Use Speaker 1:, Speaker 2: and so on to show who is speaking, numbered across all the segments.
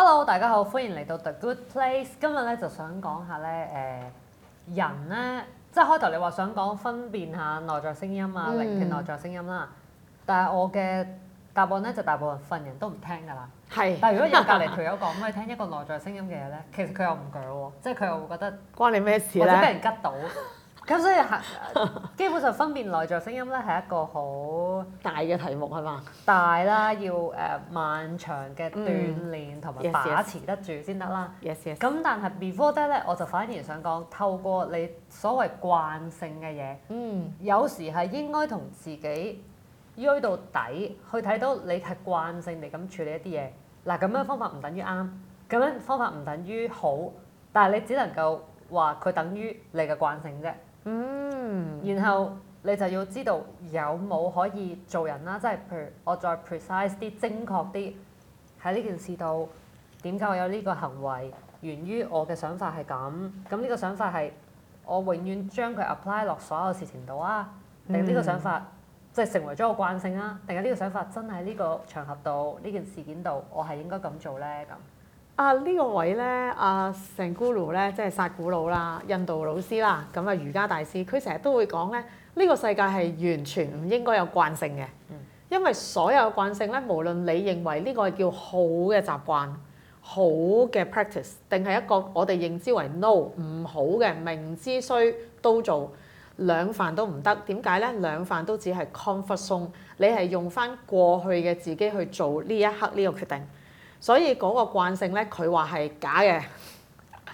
Speaker 1: Hello，大家好，歡迎嚟到 The Good Place。今日咧就想講下咧，誒、呃、人咧，即係開頭你話想講分辨下內在聲音啊，聆聽、嗯、內在聲音啦。但係我嘅答案咧，就大部分人都唔聽㗎啦。係是。但係如果有隔籬條友講俾你聽一個內在聲音嘅嘢咧，其實佢又唔舉喎，即係佢又會覺得
Speaker 2: 關你咩事或者俾人拮
Speaker 1: 到？ 咁所以基本上分辨內在聲音咧，係一個好大嘅題目，係嘛？大啦，要誒、呃、漫長嘅鍛鍊同埋把持得住先得啦。咁、嗯嗯、但係 before that 咧，我就反而想講透過你所謂慣性嘅嘢，嗯，有時係應該同自己喐到底去睇到你係慣性地咁處理一啲嘢。嗱，咁樣方法唔等於啱，咁樣方法唔等於好，但係你只能夠話佢等於你嘅慣性啫。嗯，然後你就要知道有冇可以做人啦，即係譬如我再 precise 啲、精確啲喺呢件事度，點解我有呢個行為？源於我嘅想法係咁，咁呢個想法係我永遠將佢 apply 落所有事情度啊，
Speaker 2: 定呢個想法
Speaker 1: 即係、就是、成為咗個慣性啊？定係呢個想法真係呢個場合度、呢件事件度，我係應該咁做呢？
Speaker 2: 咁？啊呢個位咧，阿成咕魯咧，即係薩古魯啦，印度老師啦，咁啊瑜伽大師，佢成日都會講咧，呢個世界係完全唔應該有慣性嘅，因為所有慣性咧，無論你認為呢個叫好嘅習慣、好嘅 practice，定係一個我哋認知為 no 唔好嘅明知衰都做，兩犯都唔得。點解咧？兩犯都只係 comfort zone，你係用翻過去嘅自己去做呢一刻呢個決定。所以嗰個慣性咧，佢話係假嘅，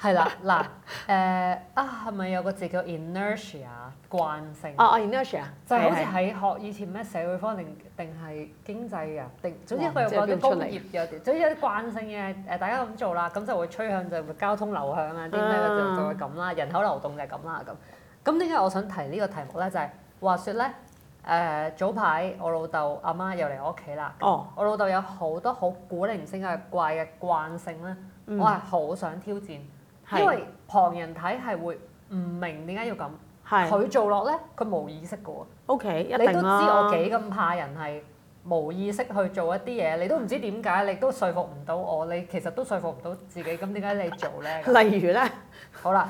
Speaker 2: 係啦， 嗱， 誒
Speaker 1: 啊，係咪有個字叫 inertia 慣性？啊啊 inertia，就係好似喺學以前咩社會科定定係經濟啊，定總之佢有個工業有啲，總之有啲慣性嘅誒，大家咁做啦，咁就會趨向就會、交通流向啊啲咩就就會咁啦，人口流動就係咁啦咁。咁點解我想提呢個題目咧？就係、是、話説咧。誒、呃、早排我老豆阿媽，媽又嚟我屋企啦，哦、我老豆有好多好古靈精怪嘅慣性咧，嗯、我係好想挑戰，的因為旁人睇係會唔明點解要咁，佢的做落咧，佢冇意識嘅，OK，一定啦，你都知我幾咁怕人係冇意識去做一啲嘢，你都唔知點解，你都說服唔到我，你其實都說服唔到自己，咁點解你做咧？例如咧，好啦，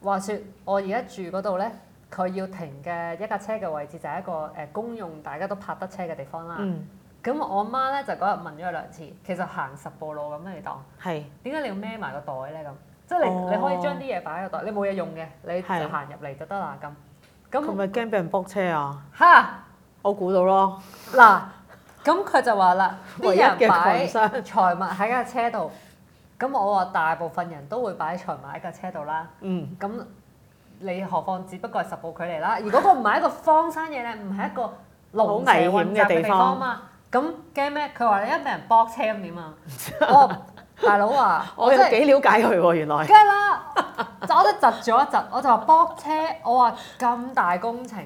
Speaker 1: 話説我而家住嗰度咧。佢要停嘅一架車嘅位置就係一個誒公用，大家都泊得車嘅地方啦。咁我媽咧就嗰日問咗佢兩次，其實行十步路咁嚟講，點解你要孭埋個袋咧？咁即係你你可以將啲嘢擺喺個袋，你冇嘢用嘅，你就行入嚟就得啦。咁
Speaker 2: 咁係咪驚俾人卜車啊？嚇！我估到咯。嗱，咁佢就話啦，唯一嘅財物喺架
Speaker 1: 車度。咁我話大部分人都會擺財物喺架車度啦。嗯。咁。你何況只不過係十步距離啦。如果個唔係一個荒山野嶺，唔係一個農野混雜嘅地方啊嘛！咁驚咩？佢話：你一俾人駁車咁點啊？我大佬啊，我幾了解佢喎，原來。梗啦！我得窒咗一窒，我就話駁車。我話咁大工程，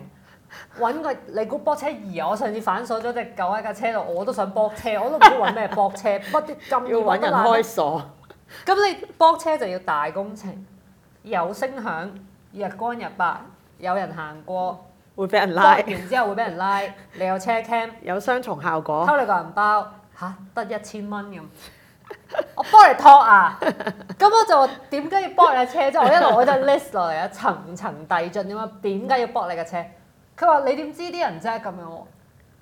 Speaker 1: 揾個你估駁車易啊？而我上次反鎖咗隻狗喺架車度，我都想駁車，我都唔知揾咩駁車，不啲咁要揾人開鎖。咁、嗯嗯、 你駁車就要大工程，有聲響。日光日白，
Speaker 2: 有人行過，會俾人拉完之後會俾人拉。 你有車 cam，有雙重效果，偷
Speaker 1: 你個銀包嚇，得一千蚊咁。 我幫你拖啊，咁 我就話點解要幫你架車？即 我一路我就 list 落嚟啊，層層遞進點啊？點解要幫你架車？佢話你點知啲人啫咁樣喎？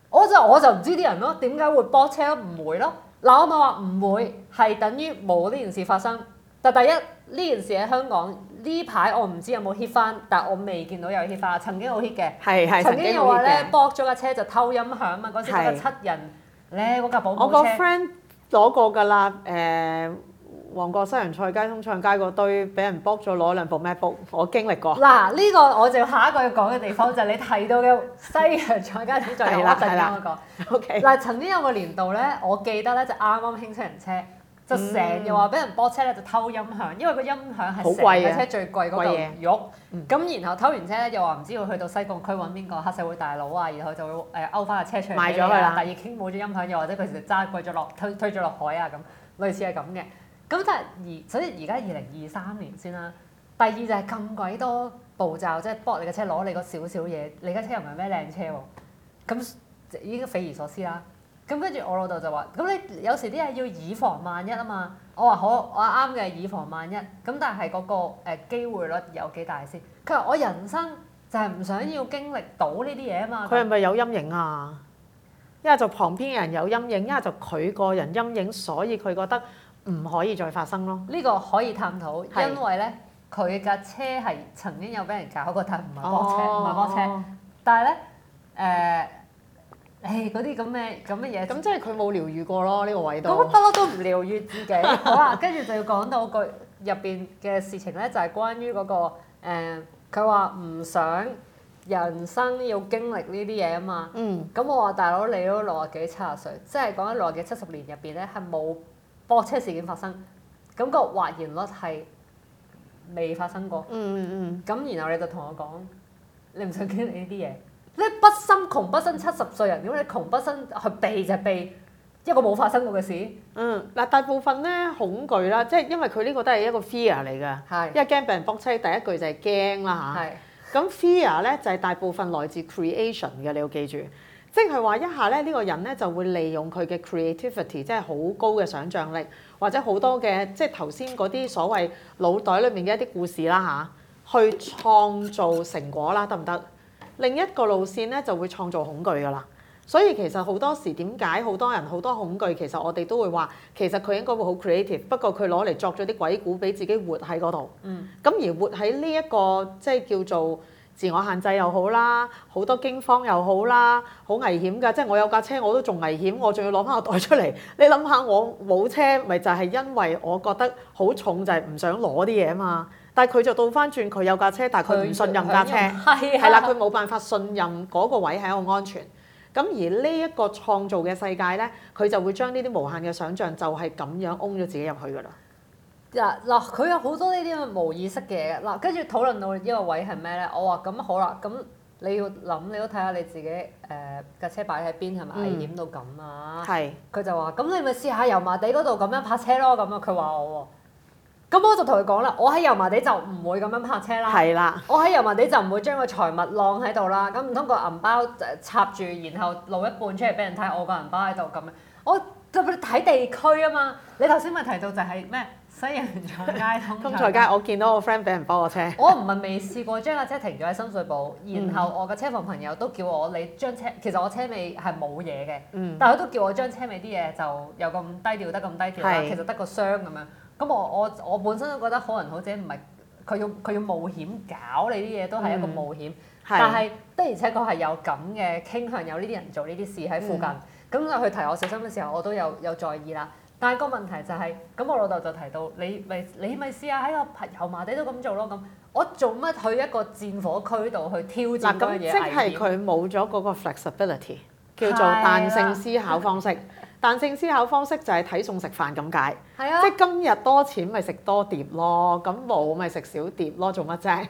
Speaker 1: 我就我就唔知啲人咯，點解會幫車？唔會咯。嗱我咪話唔會，係等於冇呢件事發生。但第一呢件事喺香港。呢排我唔知有冇 hit 翻，但我未見到有 hit 翻。曾經好 hit 嘅，的曾經我話咧 b 咗架車就偷音響啊嘛！嗰時嗰架七人
Speaker 2: 咧，架的我個 friend 攞過㗎啦。誒、呃，旺角西洋菜街通唱街嗰堆，俾人 b 咗攞兩部 MacBook，我經歷過。嗱、
Speaker 1: 啊，呢、這個我就下一個要講嘅地方 就係你提到嘅西洋菜街主再入我陣間嗰、那個。嗱，曾經有個年度咧，我記得咧就啱啱興七,七人車就成日話俾人駁車咧，就偷音響，因為個音響係成架車最貴嗰個嘢。咁的玉然後偷完車咧，又話唔知要去到西貢區揾邊個黑社會大佬啊，然後就會誒勾翻架車場賣咗佢啦。但已經冇咗音響，又或者佢哋揸貴咗落推推咗落海啊咁，類似係咁嘅。咁但係而所以而家二零二三年先啦。第二就係咁鬼多步驟，即係駁你嘅車攞你個少少嘢，你架車又唔係咩靚車喎，咁已經匪夷所思啦。咁跟住我老豆就話，咁你有時啲嘢要以防萬一啊嘛。我話好，我啱嘅，以防萬一。咁但係嗰個誒機會率有幾大先？佢話：我人生就係唔想要經歷到呢啲嘢啊嘛。佢係
Speaker 2: 咪有陰影啊？一係就旁邊嘅人有陰影，一係就佢個人陰影，所以佢覺得唔可以再發生咯。呢個可以探討，是因為咧，佢架車係
Speaker 1: 曾經有俾人搞過，但係唔係波車，唔係波車。但係咧，誒、呃。誒嗰啲咁嘅咁嘅嘢，咁、哎、即係佢冇療愈過咯呢個位度。咁不嬲都唔療愈自己，好啊？跟住就要講到句入邊嘅事情咧，就係、是、關於嗰、那個誒，佢話唔想人生要經歷呢啲嘢啊嘛。嗯。咁我話大佬，你都六十幾七十歲，即係講緊六十幾七十年入邊咧，係冇駁車事件發生，咁、那個或然率係未發生過。嗯嗯。嗯。咁、嗯、然後你就同我講，你唔想經歷呢啲嘢。你不生窮不生七十歲人如果你窮不生，去避就避，一個冇發生過嘅事。
Speaker 2: 嗯，嗱，大部分咧恐懼啦，即係因為佢呢個都係一個 fear 嚟㗎，是因為驚被人駁嘴，第一句就係驚啦嚇。咁 fear 咧就係、是、大部分來自 creation 嘅，你要記住，即係話一下咧呢、呢個人咧就會利用佢嘅 creativity，即係好高嘅想像力，或者好多嘅即係頭先嗰啲所謂腦袋裡面嘅一啲故事啦吓、啊，去創造成果啦，得唔得？另一個路線咧就會創造恐懼噶啦，所以其實好多時點解好多人好多恐懼，其實我哋都會話，其實佢應該會好 creative，不過佢攞嚟作咗啲鬼故俾自己活喺嗰度。嗯，咁而活喺呢一個即係叫做自我限制又好啦，好多驚慌又好啦，好危險噶。即係我有架車我都仲危險，我仲要攞翻個袋出嚟。你諗下我冇車，咪就係因為我覺得好重，就係唔想攞啲嘢啊嘛。但係佢就倒翻轉，佢有架車，但係佢唔信任架車，係啦，佢冇辦法信任嗰個位係一個安全。咁而呢一個創造嘅世界咧，佢就會將呢啲無限嘅想像就係咁樣嗡咗自己入去㗎啦。
Speaker 1: 嗱嗱、嗯，佢有好多呢啲咁嘅無意識嘅嘢嗱，跟住討論到呢個位係咩咧？我話咁好啦，咁你要諗，你都睇下你自己誒架、呃、車擺喺邊係咪危險到咁啊？係、嗯。佢就話：咁你咪試下油麻地嗰度咁樣泊車咯。咁啊，佢話我喎。咁我就同佢講啦，我喺油麻地就唔會咁樣泊車啦，的我喺油麻地就唔會將個財物晾喺度啦，咁唔通個銀包插住，然後露一半出嚟俾人睇，我個銀包喺度咁樣。我就俾你睇地區啊嘛，你頭先咪提到就係咩西人蔣街通金財， 財街，我
Speaker 2: 見到個 friend 俾人包我車。 我唔係未
Speaker 1: 試過將架車停咗喺深水埗，然後我嘅車房朋友都叫我你將車，其實我車尾係冇嘢嘅，嗯、但佢都叫我將車尾啲嘢就有咁低調得咁低調，的其實得個箱咁樣。咁我我我本身都覺得好人好者，唔係佢要佢要冒險搞你啲嘢都係一個冒險，嗯、但係的而且確係有咁嘅傾向，有呢啲人做呢啲事喺附近。咁佢、嗯、提我小心嘅時候，我都有有在意啦。但係個問題就係、是，咁我老豆就提到你咪你咪試下喺個油麻地都咁做咯。咁我做乜去一個戰火區度去挑
Speaker 2: 戰咁嘅危險？即係佢冇咗嗰個 flexibility，叫做彈性思考方式。嗯嗯嗯嗯嗯嗯嗯彈性思考方式就係睇餸食飯咁解，啊、即係今日多錢咪食多碟咯，咁冇咪食少碟咯，做乜啫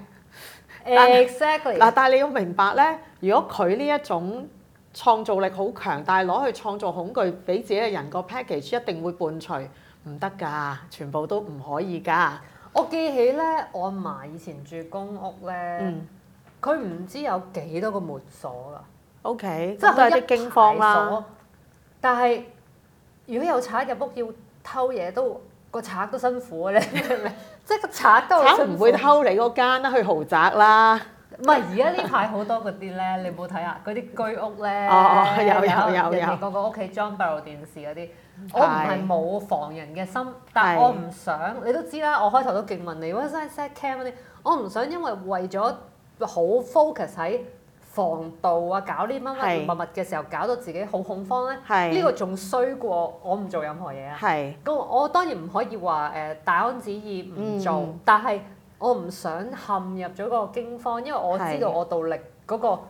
Speaker 2: ？Exactly 嗱，但係你要明白咧，如果佢呢一種創造力好強，但係攞去創造恐懼俾自己嘅人個 package，一定會伴隨，唔得㗎，全部都唔可以㗎。
Speaker 1: 我記起咧，我阿嫲以前住公屋咧，嗯、佢唔知有幾多個門鎖㗎。
Speaker 2: OK，即係啲驚慌啦，
Speaker 1: 但係。如果有賊入屋要偷嘢都個賊都辛苦啊。嘅咧，即係個
Speaker 2: 賊都。賊唔會偷你嗰間啦，去豪宅啦。
Speaker 1: 唔係而家呢排好多嗰啲咧， 你冇睇啊？嗰啲居屋咧、哦，哦，有有，有，有、有有。個個屋企裝閉路電視嗰啲。我唔係冇防人嘅心，是的 但係我唔想，你都知啦。我開頭都勁問你，WhatsApp set cam 嗰啲，我唔想因為為咗好 focus 喺。防盜啊，搞啲乜乜物物嘅時候，是搞到自己好恐慌咧。呢是個仲衰過我唔做任何嘢啊。咁是我當然唔可以話誒、呃、大安旨意唔做，嗯、但係我唔想陷入咗個驚慌，因為我知道我
Speaker 2: 到力嗰個。是那個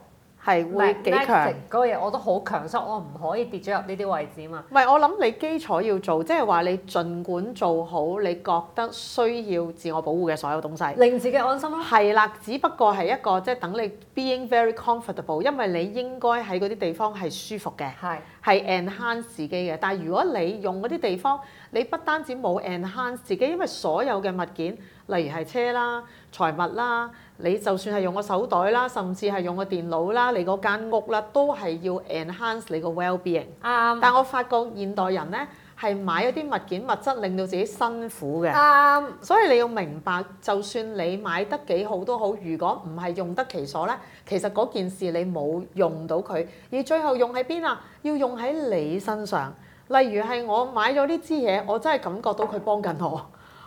Speaker 2: 係會幾強
Speaker 1: 嗰個嘢，我都好強身，我唔可以跌咗入呢啲位置嘛。
Speaker 2: 唔係，我諗你基礎要做，即係話你儘管做好你覺得需要自我保護嘅所有東西，令自己安心咯。係啦，只不過係一個即係等你 being very comfortable，因為你應該喺嗰啲地方係舒服嘅，係係 enhance 自己嘅。但係如果你用嗰啲地方，你不單止冇 enhance 自己，因為所有嘅物件，例如係車啦、財物啦。你就算係用個手袋啦，甚至係用個電腦啦，你嗰間屋啦，都係要 enhance 你個 well-being。啱。但我發覺現代人呢係買一啲物件物質令到自己辛苦嘅。啱。所以你要明白，就算你買得幾好都好，如果唔係用得其所呢，其實嗰件事你冇用到佢，而最後用喺邊啊？要用喺你身上。例如係我買咗呢支嘢，我真係感覺到佢幫緊我。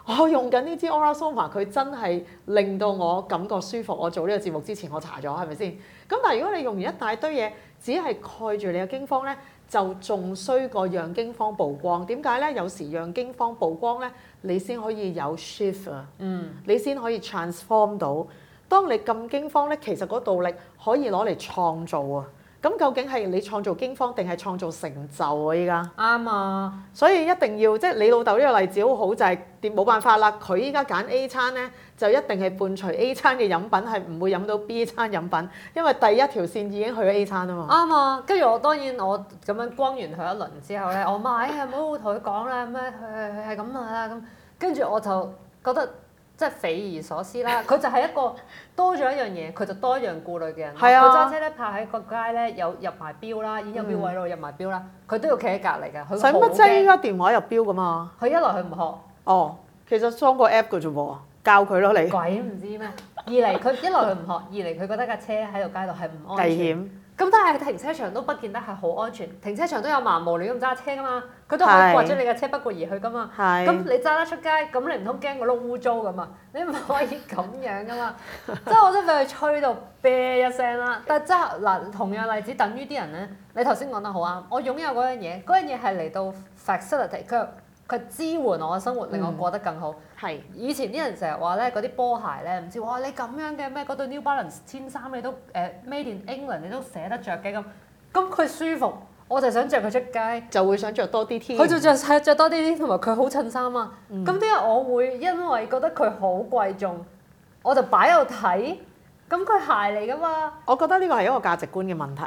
Speaker 2: 我、哦、用緊呢支 AuraSoma，佢真係令到我感覺舒服。我做呢個節目之前，我查咗係咪先？咁但係如果你用完一大堆嘢，只係蓋住你嘅驚慌呢，就仲衰過讓驚慌曝光。點解呢？有時讓驚慌曝光呢，你先可以有 shift 啊，嗯，你先可以 transform 到。當你咁驚慌呢，其實嗰道力可以攞嚟創造啊。咁究竟係你創造驚慌定係創造成就啊？依家啱啊！ 所以一定要即係你老豆呢個例子好好，就係點冇辦法啦。佢依家揀 A 餐咧，就一定係伴隨 A 餐嘅飲品，係唔會飲到 B 餐飲品，因為第一條線已經去咗 A 餐啊嘛。啱啊！跟 住 我當
Speaker 1: 然我咁樣光完佢一輪之後咧，我話哎呀，唔好同佢講啦，咩？樣佢係係咁啊咁，跟、哎、住、哎哎哎哎、我就覺得。即係匪夷所思啦！佢就係一個多咗一樣嘢，佢就多一樣顧慮嘅人。佢揸 車咧，泊喺個街咧有入埋標啦，已經有入標位度入埋標啦，佢都、嗯、要企喺隔離㗎。使乜即係而
Speaker 2: 家電話入標㗎嘛。佢一來佢唔學。哦，其實裝個 app 嘅啫噃，教佢咯你。鬼唔
Speaker 1: 知咩？二嚟佢一來佢唔學， 二嚟佢覺得架車喺度街度係唔安全。危險。咁但係停車場都不見得係好安全，停車場都有盲毛亂咁揸車噶嘛，佢都可以拐咗你架車不顧而去噶嘛。咁是的、嗯、你揸得出街，咁你唔通驚個轆污糟咁嘛？你唔可以咁樣噶嘛。 即係我都俾佢吹到啤一聲啦。但係即係嗱，同樣例子等於啲人咧，你頭先講得好啱，我擁有嗰樣嘢，嗰樣嘢係嚟到 facility。佢支援我嘅生活，令我過得更好。係、嗯、以前啲人成日話咧，嗰啲波鞋咧，唔知哇你咁樣嘅咩嗰對 New Balance 千三，你都誒、呃、Made in England 你都捨得着嘅咁，咁佢舒服，我就想着佢出街，就會想着多啲添。佢就着係著多啲啲，同埋佢好襯衫啊。咁點解我會因為覺得佢好貴重，我就擺喺度睇。
Speaker 2: 咁佢鞋嚟㗎嘛？我覺得呢個係一個價值觀嘅問題。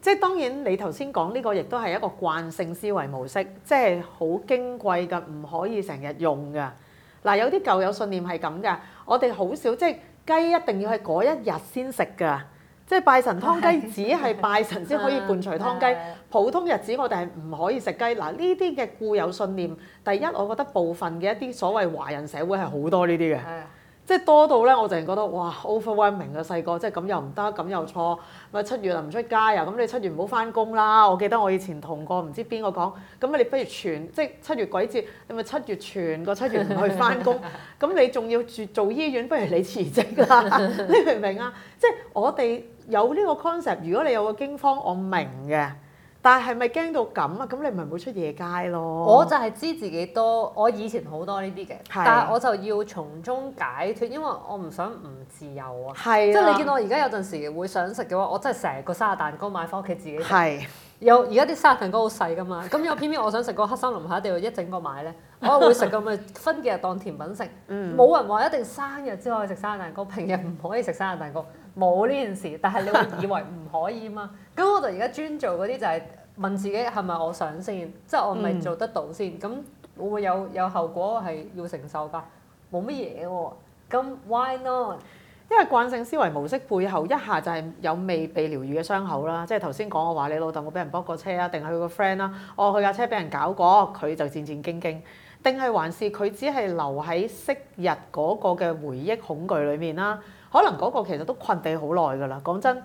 Speaker 2: 即係當然你，你頭先講呢個亦都係一個慣性思維模式，即係好矜貴㗎，唔可以成日用㗎。嗱，有啲舊有信念係咁㗎，我哋好少即係雞一定要係嗰一日先食㗎，即係拜神湯雞只係拜神先可以伴隨湯雞，普通日子我哋係唔可以食雞。嗱，呢啲嘅固有信念，第一我覺得部分嘅一啲所謂華人社會係好多呢啲嘅。即係多到咧，我淨係覺得哇，overwhelming 嘅細個，即係咁又唔得，咁又錯，咪七月啊，唔出街啊，咁你七月唔好翻工啦。我記得我以前同過唔知邊個講，咁你不如全即係七月鬼節，你咪七月全個七月唔去翻工，咁 你仲要住做醫院，不如你辭職啦。你明唔明啊？ 即係我哋有呢個 concept，如果你有個驚慌，我明嘅。但係咪驚到咁啊？咁你咪唔會出夜街咯？我就係知自己多，我
Speaker 1: 以前好多呢啲嘅，的但係我就要從中解脫，因為我唔想唔自由
Speaker 2: 啊。係的。即係你見到我
Speaker 1: 而家有陣時會想食嘅話，我真係成個生日蛋糕買返屋企自己食。的有而家啲生日蛋糕好細㗎嘛？咁又偏偏我想食嗰個黑森林，我係一定要一整個買咧。我會食㗎嘅，分幾日當甜品食。冇、嗯、人話一定生日先可以食生日蛋糕，平日唔可以食生日蛋糕。冇呢件事，但係你會以為唔可以嘛？咁 我就而家專做嗰啲就係問自己係咪我想先，即係我咪做得到先？咁，嗯，會唔會有有後
Speaker 2: 果係要承受㗎？冇乜嘢喎。咁 why not？因為慣性思維模式背後一下就係有未被療愈嘅傷口啦。即係頭先講我話你老豆我俾人剝過車啊，定係佢個 friend 啦，哦，佢架車俾人搞過，佢就戰戰兢兢。定係還是佢只係留喺昔日嗰個嘅回憶恐懼裡面啦？可能嗰個其實都困地好耐㗎啦，講真，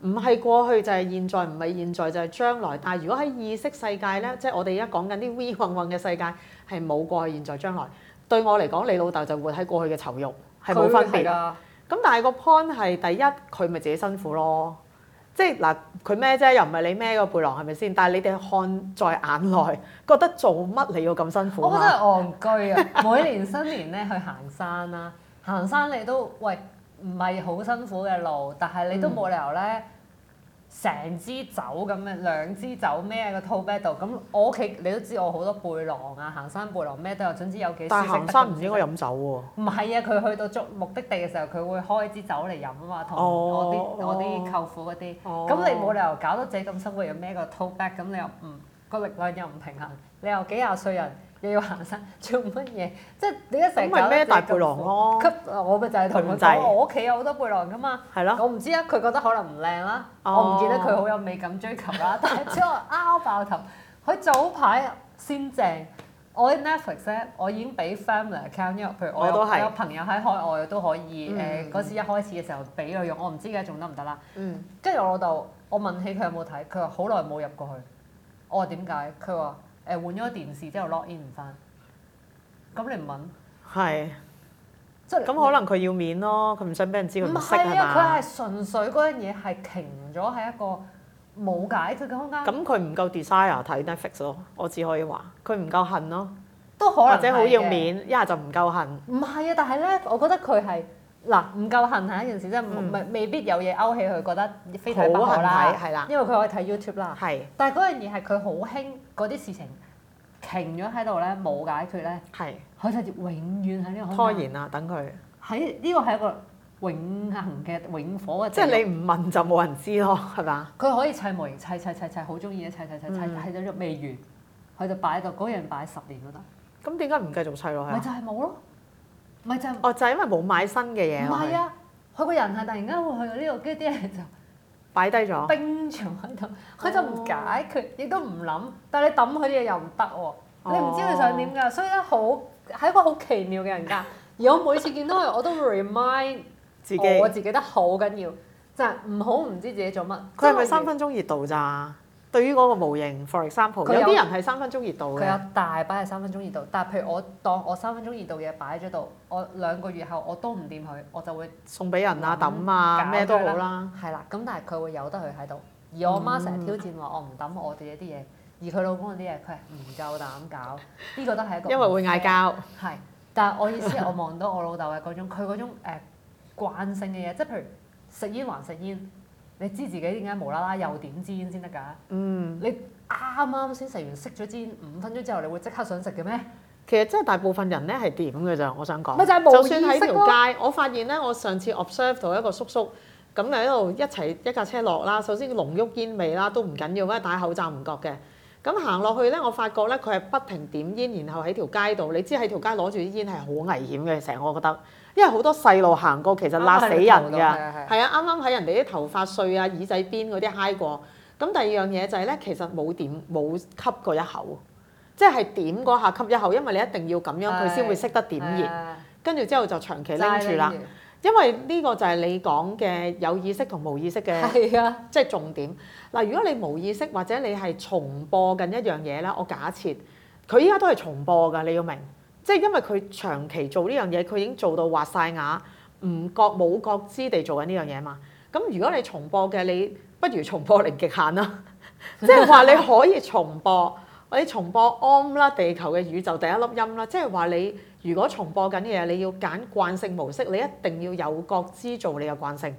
Speaker 2: 唔係過去就係現在，唔係現在就係將來。但係如果喺意識世界咧，嗯、即係我哋而家講緊啲 V 混混嘅世界，係冇過去、現在，在、將來。對我嚟講，你老豆就活喺過去嘅囚獄，係冇分別。咁但係個 point 係第一，佢咪自己辛苦咯？即係嗱，佢孭啫？又唔係你孭個背囊係咪先？但係你哋看在眼內，覺得做乜你要咁辛苦？我覺得戇
Speaker 1: 居啊！ 每年新年咧去行山啦、啊，行山你都喂。唔係好辛苦嘅路，但係你都冇理由咧，成支酒咁樣，兩支酒孭個 t o back 度？咁我屋企你都知我好多背囊啊，行山背囊孭都有，總之有幾。但係行山唔應
Speaker 2: 該飲酒喎。
Speaker 1: 唔係啊，佢、啊、去到目的地嘅時候，佢會開支酒嚟飲啊嘛，同我啲、哦、我啲舅父嗰啲。哦。咁你冇理由搞到自己咁辛苦，又孭個 t o back，咁你又唔個力量又唔平衡，你又幾廿歲人。又要行山做乜嘢？即係你一成咁咪咩大背囊咯、啊。咁我咪就係同佢講，我屋企有好多背囊噶嘛。係咯的。我唔知啊，佢覺得可能唔靚啦。哦、我唔記得佢好有美感追求啦。哦、但係之後拗爆頭，佢早排先正。 我 Netflix 呢，我已經俾 family account，因為譬如我有，我我有朋友喺海外都可以。誒、嗯，嗰、呃、時一開始嘅時候俾佢用，我唔知而家仲得唔得啦。嗯。跟住我老豆，我問起佢有冇睇，佢話好耐冇入過去。我話點解？佢話。誒，換咗電視之後 login 唔翻，
Speaker 2: 咁你唔問？係是，即係是咁可能佢要面咯，佢唔想俾人知佢唔識係咪？佢係
Speaker 1: 純粹嗰樣嘢係停咗喺一個冇解佢嘅空間。
Speaker 2: 咁佢唔夠 desire 睇 Netflix 咯，我只可以話佢唔夠恨咯，都可能或者好要面，的一下就唔夠恨。
Speaker 1: 唔係啊，但係咧，我覺得佢係。嗱，唔夠恨下一件事，即係未未必有嘢勾起佢覺得非睇不可啦，係啦，因為佢可以睇 YouTube 啦。係。但係嗰樣嘢係佢好興，嗰啲事情停咗喺度咧，冇解決咧，係好似永遠喺呢個。拖延啦，等佢。喺呢個係一個永恆嘅永火啊！即係你唔問就冇人知咯，係嘛？佢可以砌模型砌砌砌砌，好中意嘅砌砌砌砌，喺度都未完，佢就擺喺度，嗰樣擺十年都得。咁點解唔繼
Speaker 2: 續砌落去？咪就係冇咯。唔係就哦，就係因為冇買新嘅嘢。唔係啊，
Speaker 1: 佢個人係突然間會去到呢度，跟住啲人就擺低咗，冰住喺度。佢就唔解決，佢亦都唔諗。但係你抌佢啲嘢又唔得喎，你唔知佢想點㗎，所以咧好係一個好奇妙嘅人間。而我每次見到佢，我都 remind
Speaker 2: 自己、哦，我自
Speaker 1: 己得好緊要，就係、是、唔好唔知自己做乜。佢係咪
Speaker 2: 三分鐘熱度咋？對於嗰個模型 For example，有啲人係三分鐘熱度，佢有
Speaker 1: 大把係三分鐘熱度，但係譬如我當我三分鐘熱度嘢擺咗度，我兩個月後我都唔掂佢，我就會
Speaker 2: 送俾人啊抌想啊咩都好啦。
Speaker 1: 係啦、嗯，咁、嗯、但係佢會有得佢喺度。而我媽成日挑戰話我唔抌我哋啲嘢，嗯、而佢老公嗰啲嘢佢係唔夠膽搞，呢、這個都係一個。因為會嗌交。係，但係我意思係我望到我老豆嘅嗰種，佢嗰種誒慣 性嘅嘢，即係譬如食煙還食煙。你知自己點解無啦啦又點煙先得㗎？嗯，你啱啱先食完熄咗煙五分鐘之後，你會即刻想食嘅咩？其實
Speaker 2: 真係大部分人咧係點嘅咋。我想講。咪就係無意識咯。就，就算喺條街，我發現咧，我上次 observe 到一個叔叔咁嚟喺度一齊一,一架車落啦。首先濃郁煙味啦，都唔緊要，因為戴口罩唔覺嘅。咁行落去咧，我發覺咧佢係不停點煙，然後喺條街度。你知喺條街攞住啲煙係好危險嘅。成日我覺得。因為好多細路行過其實辣死人㗎，係啊，啱啱喺人哋啲頭髮碎啊、耳仔邊嗰啲揩過。咁第二樣嘢就係咧，其實冇點冇吸過一口，即係點嗰下吸一口，因為你一定要咁樣佢先會識得點燃。跟住之後就長期拎住啦。因為呢個就係你講嘅有意識同冇意識嘅，即係重點。嗱，如果你冇意識或者你係重播緊一樣嘢咧，我假設佢依家都係重播㗎，你要明。即係因為佢長期做呢樣嘢，佢已經做到話晒牙，唔覺冇覺知地做緊呢樣嘢嘛。咁如果你重播嘅，你不如重播零極限啦。
Speaker 1: 即係話你可
Speaker 2: 以重播，你重播 Om 啦，地球嘅宇宙第一粒音啦。即係話你如果重播緊嘢，你要揀慣性模式，你一定要有覺知做你嘅慣性。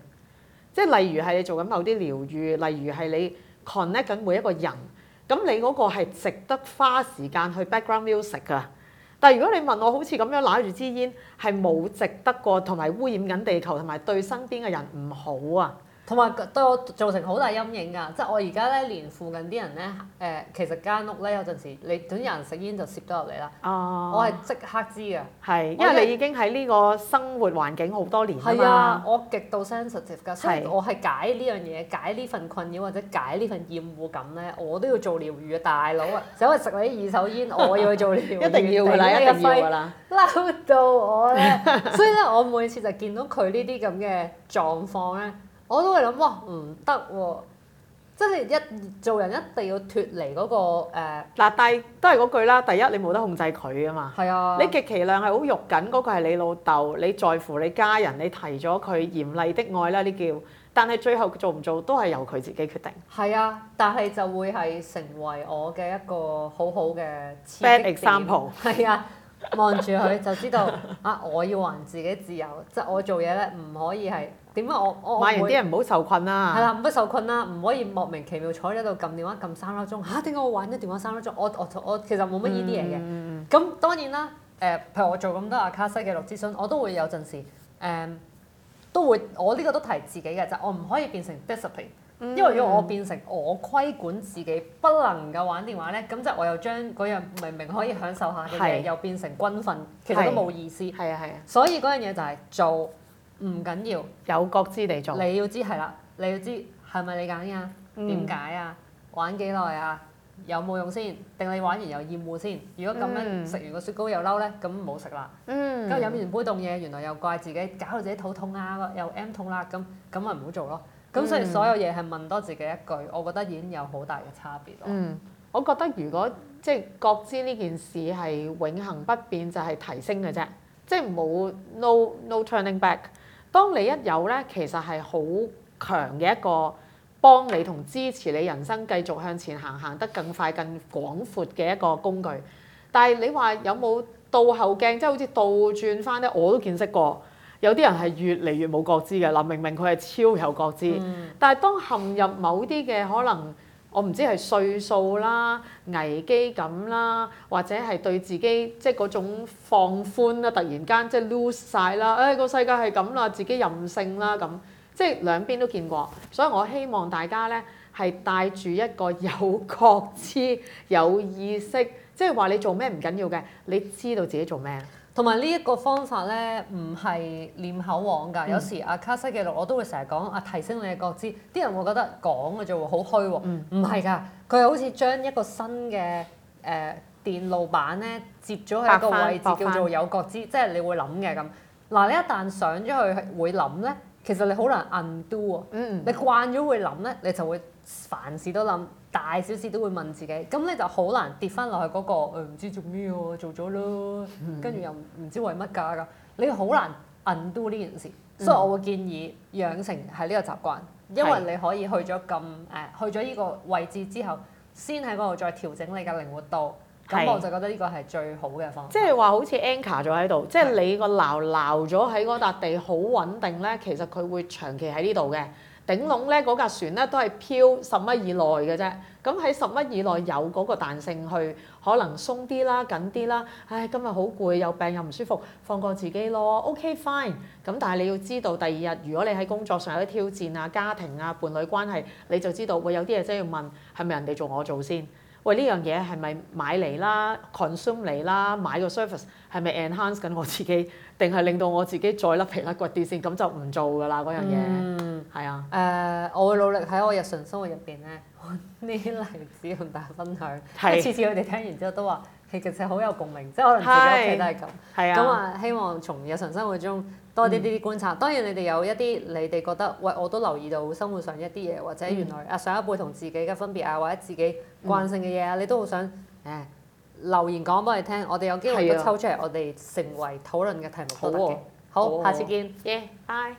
Speaker 2: 即係例如係你做緊某啲療愈，例如係你 connect 緊每一個人，咁你嗰個係值得花時間去 background music 噶。但如果你問我，好似咁樣揦住支煙，係冇值得過，同埋污染緊地球，同埋對身邊嘅人唔好啊！同埋對我造成好大陰影㗎，即係我而家咧，連附近啲
Speaker 1: 人咧，誒、呃，其實間屋咧，有陣時你總有人食煙就攝咗入嚟啦。啊、我係即刻知
Speaker 2: 嘅。係，因為你已經喺呢個生活環境好多年。係啊，我
Speaker 1: 極度 sensitive 㗎，是啊、所以我係解呢樣嘢，是啊、解呢份困擾或者解呢份厭惡感咧，我都要做療愈嘅大佬啊！只係食你啲二手煙，我要去做療愈。 一定要啦，一定要㗎啦，嬲到我咧。 所以咧，我每次就見到佢呢啲咁嘅狀況咧。我都係諗，哇唔得喎！即係、啊、一做人一定要脫離嗰、那個誒。嗱、呃，
Speaker 2: 但係都係嗰句啦。第一，你冇得控制佢啊嘛。係啊。你極其量係好肉緊嗰、那個係你老豆，你在乎你家人，你提咗佢嚴厲的愛啦，呢叫。但係最後做唔做都係由佢自己決定。係啊，
Speaker 1: 但係就會係成為我嘅一個好好嘅 bad example。係 啊。望住佢就知道啊！我要還自己自由，即係我做嘢咧，唔可以係點解我
Speaker 2: 我買完啲人唔好受困啊！係啦，唔
Speaker 1: 好受困啦，唔可以莫名其妙坐喺度撳電話撳三粒鐘嚇！點解我玩咗電話三粒鐘？我我我其實冇乜依啲嘢嘅。咁、嗯、當然啦，誒、呃、譬如我做咁多阿卡西嘅錄諮詢，我都會有陣時誒、呃、都會我呢個都提自己嘅就我唔可以變成 discipline。嗯、因為如果我變成我規管自己不能夠玩電話咧，咁即係我又將嗰樣明明可以享受下嘅嘢，是又變成軍訓，是其實都冇意思。係啊係啊。所以嗰樣嘢就做係做唔緊要，有覺知嚟做。你要知係啦，你要知係咪你揀噶？點解啊？玩幾耐啊？有冇用先？定你玩完又厭惡先？如果咁樣食完個雪糕又嬲咧，咁唔好食啦。嗯。
Speaker 2: 跟住飲完
Speaker 1: 杯凍嘢，原來又怪自己搞到自己肚痛啊，又 M 痛啦，咁咁咪唔好做咯。咁、嗯、所以所有嘢係問多自己一句，我覺得已經有好大嘅差別
Speaker 2: 咯、嗯。我覺得如果即係覺知呢件事係永恆不變，就係、是、提升嘅啫。即係冇 no no turning back。當你一有咧，其實係好強嘅一個幫你同支持你人生繼續向前行，行得更快、更廣闊嘅一個工具。但係你話有冇倒後鏡，即、就、係、是、好似倒轉翻咧？我都見識過。有啲人係越嚟越冇覺知嘅，嗱，明明佢係超有覺知，嗯、但係當陷入某啲嘅可能，我唔知係歲數啦、危機感啦，或者係對自己即係嗰種放寬啦，突然間即係 lose 曬啦，誒、哎、個世界係咁啦，自己任性啦咁，即係、就是、兩邊都見過，所以我希望大家呢，係帶住一個有覺知、有意識，即係話你做咩唔緊要嘅，你知道自己做
Speaker 1: 咩。同埋呢一個方法咧，唔係念口簧㗎。嗯、有時阿卡西記錄我都會成日講啊，提升你嘅覺知。啲人會覺得講嘅啫好虛喎。唔係㗎，佢係好似將一個新嘅誒、呃、電路板咧接咗喺一個位置，叫做有覺知，即係你會諗嘅咁。嗱、啊，你一旦上咗去會諗咧，其實你好難 undo。嗯嗯。你慣咗會諗咧，你就會凡事都諗。大小事都會問自己，咁你就好難跌翻落去嗰、那個，唔、哎、知做咩啊，做咗咯，跟住、嗯、又唔知為乜架㗎，你好難 undo 呢件事，嗯、所以我會建議養成喺呢個習慣，因為你可以去咗咁誒，去咗呢個位置之後，先喺嗰度再調整你嘅靈活度，咁是我就覺得呢個係最好嘅方法，即
Speaker 2: 係話好似 anchor 咗喺度，是即係你個鬧鬧咗喺嗰笪地好穩定咧，其實佢會長期喺呢度嘅。頂籠呢嗰架船呢，都係飄十米以內嘅啫。咁喺十米以內有嗰個彈性去，可能鬆啲啦、緊啲啦。唉，今日好攰，有病又唔舒服，放過自己咯。OK fine。咁但係你要知道，第二日如果你喺工作上有啲挑戰啊、家庭啊、伴侶關係，你就知道會有啲嘢真係要問，係咪人哋做我做先？喂，呢樣嘢係咪買嚟啦、consume 嚟啦、買個 service 係咪 enhance 緊我自己，定係令到我自己再甩皮甩骨啲先，咁就唔做㗎啦嗰樣嘢，係啊。誒、嗯
Speaker 1: ，uh, 我會努力喺我日常生活入邊咧呢啲例子同大家分享，是次次佢哋聽完之後都話佢其實好有共鳴，即係可能自己屋企都係咁。係啊，咁啊，希望從日常生活中。多啲啲啲觀察，嗯、當然你哋有一啲你哋覺得，喂，我都留意到生活上一啲嘢，或者原來啊、嗯、上一輩同自己嘅分別啊，或者自己慣性嘅嘢啊，嗯、你都好想誒留言講俾我哋聽，我哋有機會都抽出嚟，的我哋成為討論嘅題目都得嘅、啊，好，好啊、下次見，
Speaker 2: 耶、yeah，拜。